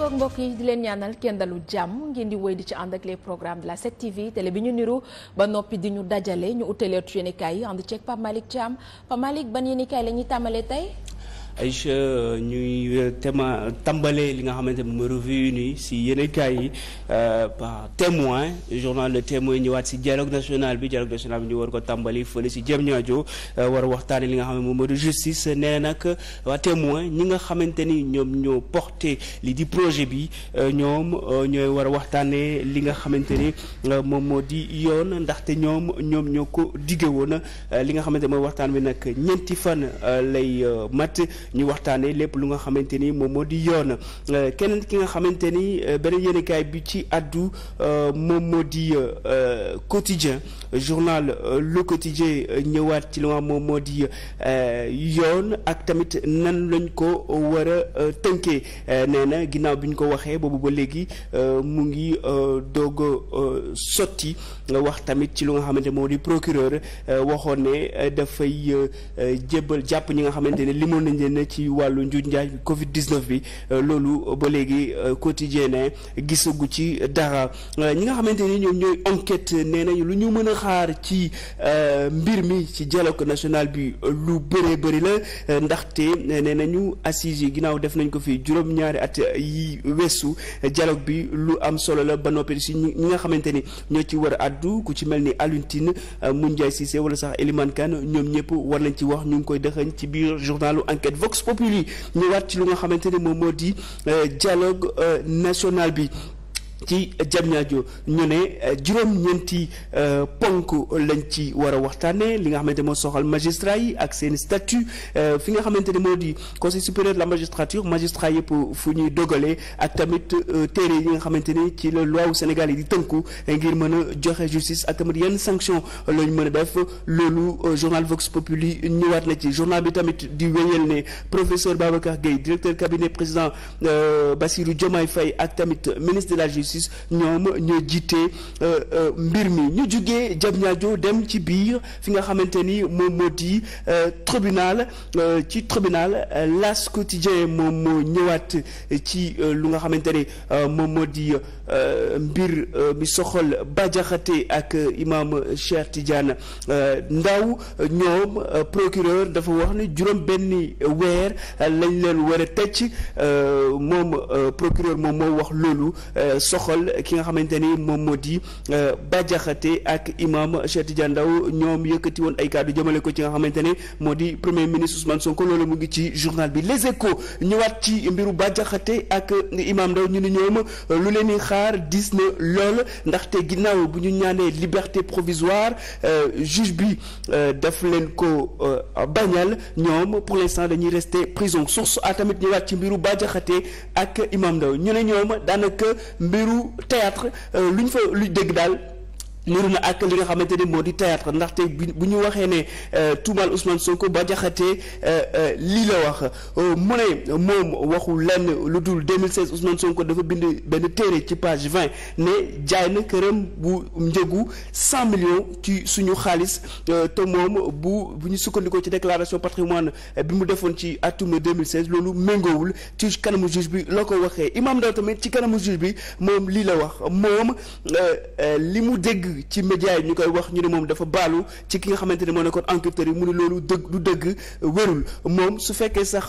ngoog mbokk yi di leen ñaanal kenn dalu jàmm ngeen di wéy di ci ànd ak les programmes de la 7TV télé bi ñu niru ba noppi di ñu dajale ñu utaleetu yéenekaay yi ànd ceeg Pape Malick am Pape Malick ban yéenekaay la ñuy tàmbalee tey ay Aïcha ñuy euh, tema tàmbalee li nga xamante ne mooy revue nii si yéenekaay yi euh, par témoin journal Le Témoin ñëwaat si dialogue national bi dialogue national bi ñu war ko tàmbali fële si Diamniadio euh, war a waxtaane li nga xam ne moom moo di justice nee na nag waa témoin ñi nga xamante ni ñoom ñoo porté li di projet bi ñoom ñooy war a waxtaane li nga xamante ni moom moo di yoon ndaxte ñoom ñoom ñoo ko digge woon li nga xamante mooy waxtaan bi nag ñeenti fan lay mat ñu waxtaanee lépp lu nga xamante ni moom moo di yoon euh, keneen ki nga xamante ni euh, beneen yéenekaay bi ci addu euh, moom moo di quotidien journal Le Quotidien ñëwaat ci li nga moom moo di yoon ak tamit nan lañ ko war a tënkee na ginnaaw bi ko waxee boobu ba léegi mu ngi doog a sotti wax tamit ci lu nga xamante ni moo di procureur waxoon ne dafay jébbal jàpp ñi nga xamante ni limoon nañ leen ne ci wàllu njuuj njaaj bi Covid 19 bi loolu euh, ba léegi euh, quotidien gisagu ci dara euh, ñi nga xamante ni ñoom ñooy enquête nee nañu lu ñu mën a xaar ci mbir mi ci dialogue national bi lu bëre bëri la ndaxte nee nañu assises yi ginnaaw def nañ ko fii juróom-ñaari at yi weesu dialogue bi lu am solo la ba noppi si ñi nga xamante ni ñoo ci war a addu ku ci mel ni Alioune Tine Moundiaye Cissé wala sax Elimane Kane ñoom ñëpp war nañ ci wax ñu ngi koy dëxañ ci biir journalu Vox Populi ñëwaat ci lu nga xamante ne moom moo di euh, dialogue euh, nationale bi ci jo ñu ne euh, juróom-ñeenti euh, ponk lañ ci war a waxtaanee li nga xamante moo soxal magistrat yi ak seen statut euh, fi nga xamante ni moo di conseil supérieur de la magistrature magistrat yëpp fu ñuy dogalee ak tamit téere yi nga xamante ni ci la loi Sénégal yi di tënku ngir mën a joxe justice ak tamit yenn sanction lañ mën def loolu journal Vox Populi ñëwaat na ci journal bi tamit di wéyal ne professeur Babacar Gueye directeur cabinet président Bassirou Diomaye Faye ak tamit ministre la justice justice ñoom ñoo jiite euh, euh, mbir mi ñu jugee Diamniadio dem ci biir fi nga xamante ni moom moo di euh, tribunal ci tribunal L'As Quotidien moom moo ñëwaat ci lu nga xamante ni moom moo di mbir mi soxol Bajaxate ak imam Cheikh Tidiane Ndaw ñoom procureur dafa wax ni juróom benni weer lañ leen war a tëj moom procureur moom moo wax loolu sox soxal ki nga xamante ni moom moo di euh, Bah Diakhaté ak imam Cheikh Tidiane Ndao ñoom yëkkati woon ay kàddu jëmale ko ci nga xamante ne moo di premier ministre Ousmane Sonko loolu mu ngi ci journal bi Les Échos ñëwaat ci mbiru Bah ak imam ñu ni ñoom euh, lu leen di xaar dis na lool ginnaaw bu ñu ñaanee liberté provisoire euh, juge bi daf leen ko bañal ñoom pour l'instant dañuy a tamit ñëwaat ci mbiru Bah ak imam Ndao ñu ne ñoom daanaka mbiru mbiru théâtre euh, lu ñu fa lu dégg daal niru na ak li nga xamante ni moo di théâtre ndaxte bi bu ñu waxee ne euh, tuumaal Ousmane Sonko ba jaxatee euh, euh, lii la wax mu ne moom waxul lenn lu dul 2016 Ousmane Sonko dafa bind benn téere ci page 20 ne jaay na këram bu njëgu 100 ci suñu xaalis te moom bu bu ñu sukkandikoo ci déclaration patrimoine bi mu defoon ci atum 2016 loolu méngoowul ci kanamu juge bi la ko waxee Imam Ndao tamit ci kanamu juge bi moom lii la wax moom li mu dégg. dégg ci média yi ñu koy wax ñu ne moom dafa baalu ci ki nga xamante ne moo nekkoon enquêteurs yi mu ne loolu dëgg du dëgg wérul moom su fekkee sax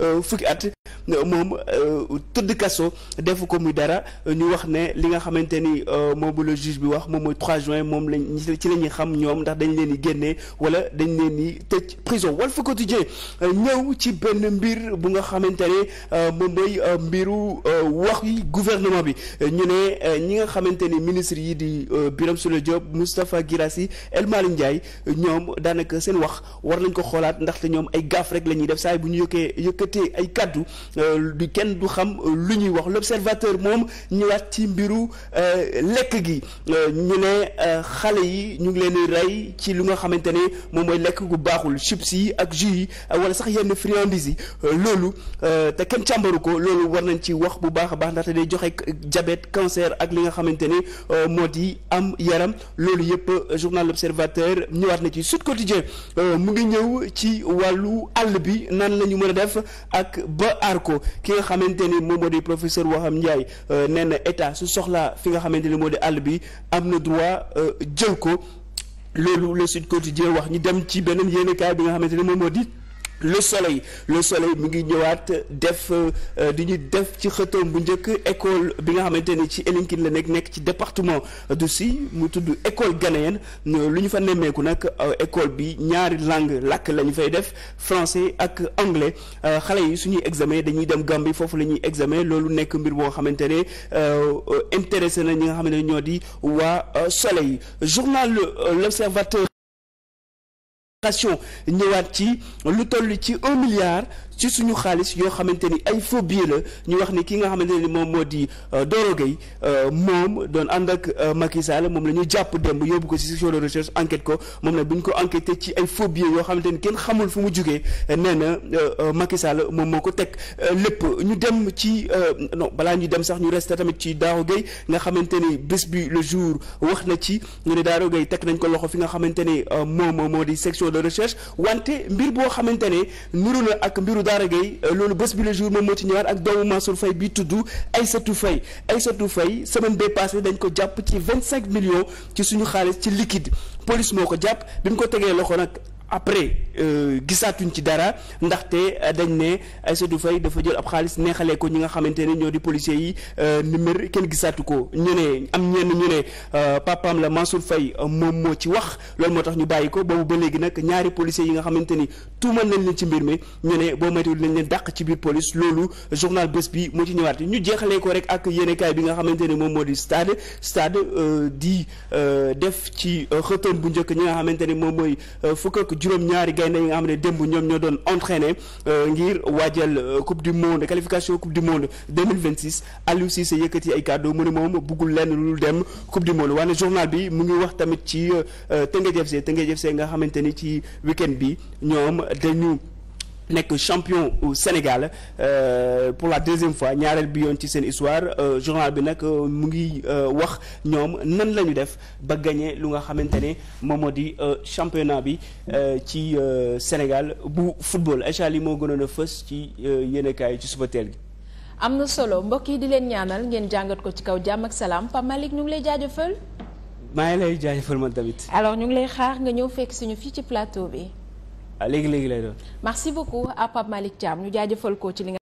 Euh, fukki at euh, moom euh, tëdd kaso defu ko muy dara ñu wax ne li nga xamante ni moom la juge bi wax moom mooy 3 juin moom lañ ci la ñuy xam ñoom ndax dañ leen di génnee wala dañ leen di tëj prison Walf Quotidien ñëw ci benn mbir bu nga xamante ne moom mooy mbiru wax yi gouvernement bi ñu ne ñi nga xamante ni ministre yi di biram Souleye Diop Moustapha Guirassy El Malick Ndiaye ñoom daanaka seen wax war nañ ko xoolaat ndaxte ñoom ay gaaf rek la ñuy def saa bu ñu yokkee yëkkatee ay kàddu euh, du kenn du xam euh, lu ñuy wax l'observateur moom ñëwaat ci mbiru euh, lekk gi ñu ne xale yi ñu ngi leen di rey ci li nga xamante ne moom mooy lekk gu baaxul chips yi ak jus yi wala sax yenn friandises yi loolu te kenn càmbaru ko loolu war nañ ci wax bu baax a baax ndaxte day joxe diabète cancer ak li nga xamante ne moo di am yaram loolu yëpp journal L'Observateur ñëwaat na ci Sud Quotidien mu ngi ñëw ci wàllu àll bi nan lañu mën a def ak ba aar ko ki nga xamante ni moom moo di professeur Waham Ndiaye euh, nee na état su soxlaa fi nga xamante ni moo di àll bi am na droit euh, jël ko loolu le Sud Quotidien wax ñu dem ci beneen yéenekaay bi nga xamante ni moom moo di le soleil le soleil mu ngi ñëwaat def euh, di ñu def ci xëtam bu njëkk école bi nga xamante ni ci Elinkine la nekk nekk ci département du si mu tudd école ghanéenne lu ñu fa nemmeeku nag euh, école bi ñaari langue lakk lañu fay def français ak anglais euh, xale yi suñuy examen dañuy dem Gambie foofu la ñuy examen loolu nekk mbir moo xamante ne intéressé nañ ñi nga xamante ne ñoo di waa soleil journal l'observateur ation ñëwaat ci lu toll ci un milliard ci suñu xaalis yoo xamante ni ay faux la ñu wax ni kii nga xamante ni moom moo di euh, Doro Gueye euh, moom doon ànd ak euh, Macky Sall moom la ñu jàpp dem yóbbu ko ci section de recherche enquête ko moom nag bu ñu ko enquêté ci ay faux yoo xamante ni kenn xamul fu mu jugee nee na Macky Sall moom moo ko teg lépp ñu dem ci non balaa ñu dem sax ñu resté tamit ci Doro Gueye nga xamante ni bés bi le jour wax na ci ñu ne Doro Gueye teg nañ ko loxo fi nga xamante ni moom moo de recherche wante mbir boo xamante ne niru na ak mbiru Daara Gueye euh, loolu bés bi le jour moom moo ci ñëwaat ak doomu Mansour Faye bi tudd Aïssatou ay Aïssatou Faye semaine bee passée dañ ko jàpp ci vingt cinq millions ci suñu xaalis ci liquide police moo ko jàpp bi mu ko tegee loxo nag après euh, gisaatuñ ci dara ndaxte euh, dañ ne Aïssatou fey dafa jël ab xaalis neexalee ko ñi nga xamante ne ñoo di policiers yi euh, numéro kenn gisaatu ko ñu ne am ñenn ñu ne papaam la Mansour Faye moom moo ci wax loolu moo tax ñu bàyyi ko boobu ba léegi nag ñaari policiers yi nga xamante ni tuumal nañ leen ci mbir mi ñu ne boo moytuwul lañ leen dàq ci biir police loolu journal bés bi moo ci ñëwaat ñu jeexalee ko rek ak yéenekaay bi nga xamante ne moom moo di stade stade di def ci xëtoon bu njëkk ñi xamante ne moom mooy juróom-ñaari gaynde yi nga xam ne démb ñoom ñoo doon entraîné euh, ngir waajal euh, coupe du monde qualification coupe du monde 2026 Aliou Cissé yëkkati ay kàddu mu ne moom buggul lenn lu dem coupe du monde waaye journal bi mu ngi wax tamit ci euh, Teungueth FC Teungueth FC nga xamante ni ci week bi ñoom dañu nekk champion Sénégal euh, pour la deuxième fois ñaareel bi yoon ci seen histoire euh, journal bi nag euh, mu ngi euh, wax ñoom nan la ñu def ba gagné lu nga xamante ne moom moo di euh, championnat bi ci Sénégal bu football Aïcha li moo gënoon a fës ci yéenekaay yi ci suba teel gi. am na solo mbokk yi di leen ñaanal ngeen jàngat ko ci kaw jàmm ak salaam Pape Malick ñu ngi lay jaajëfal. maa ngi lay jaajëfal man tamit. alors ñu ngi lay xaar nga ñëw fekk suñu fii ci plateau bi. léegi léegi lay doon. merci beaucoup à Pape Malick Thiam ñu jaajëfal ko ci li nga.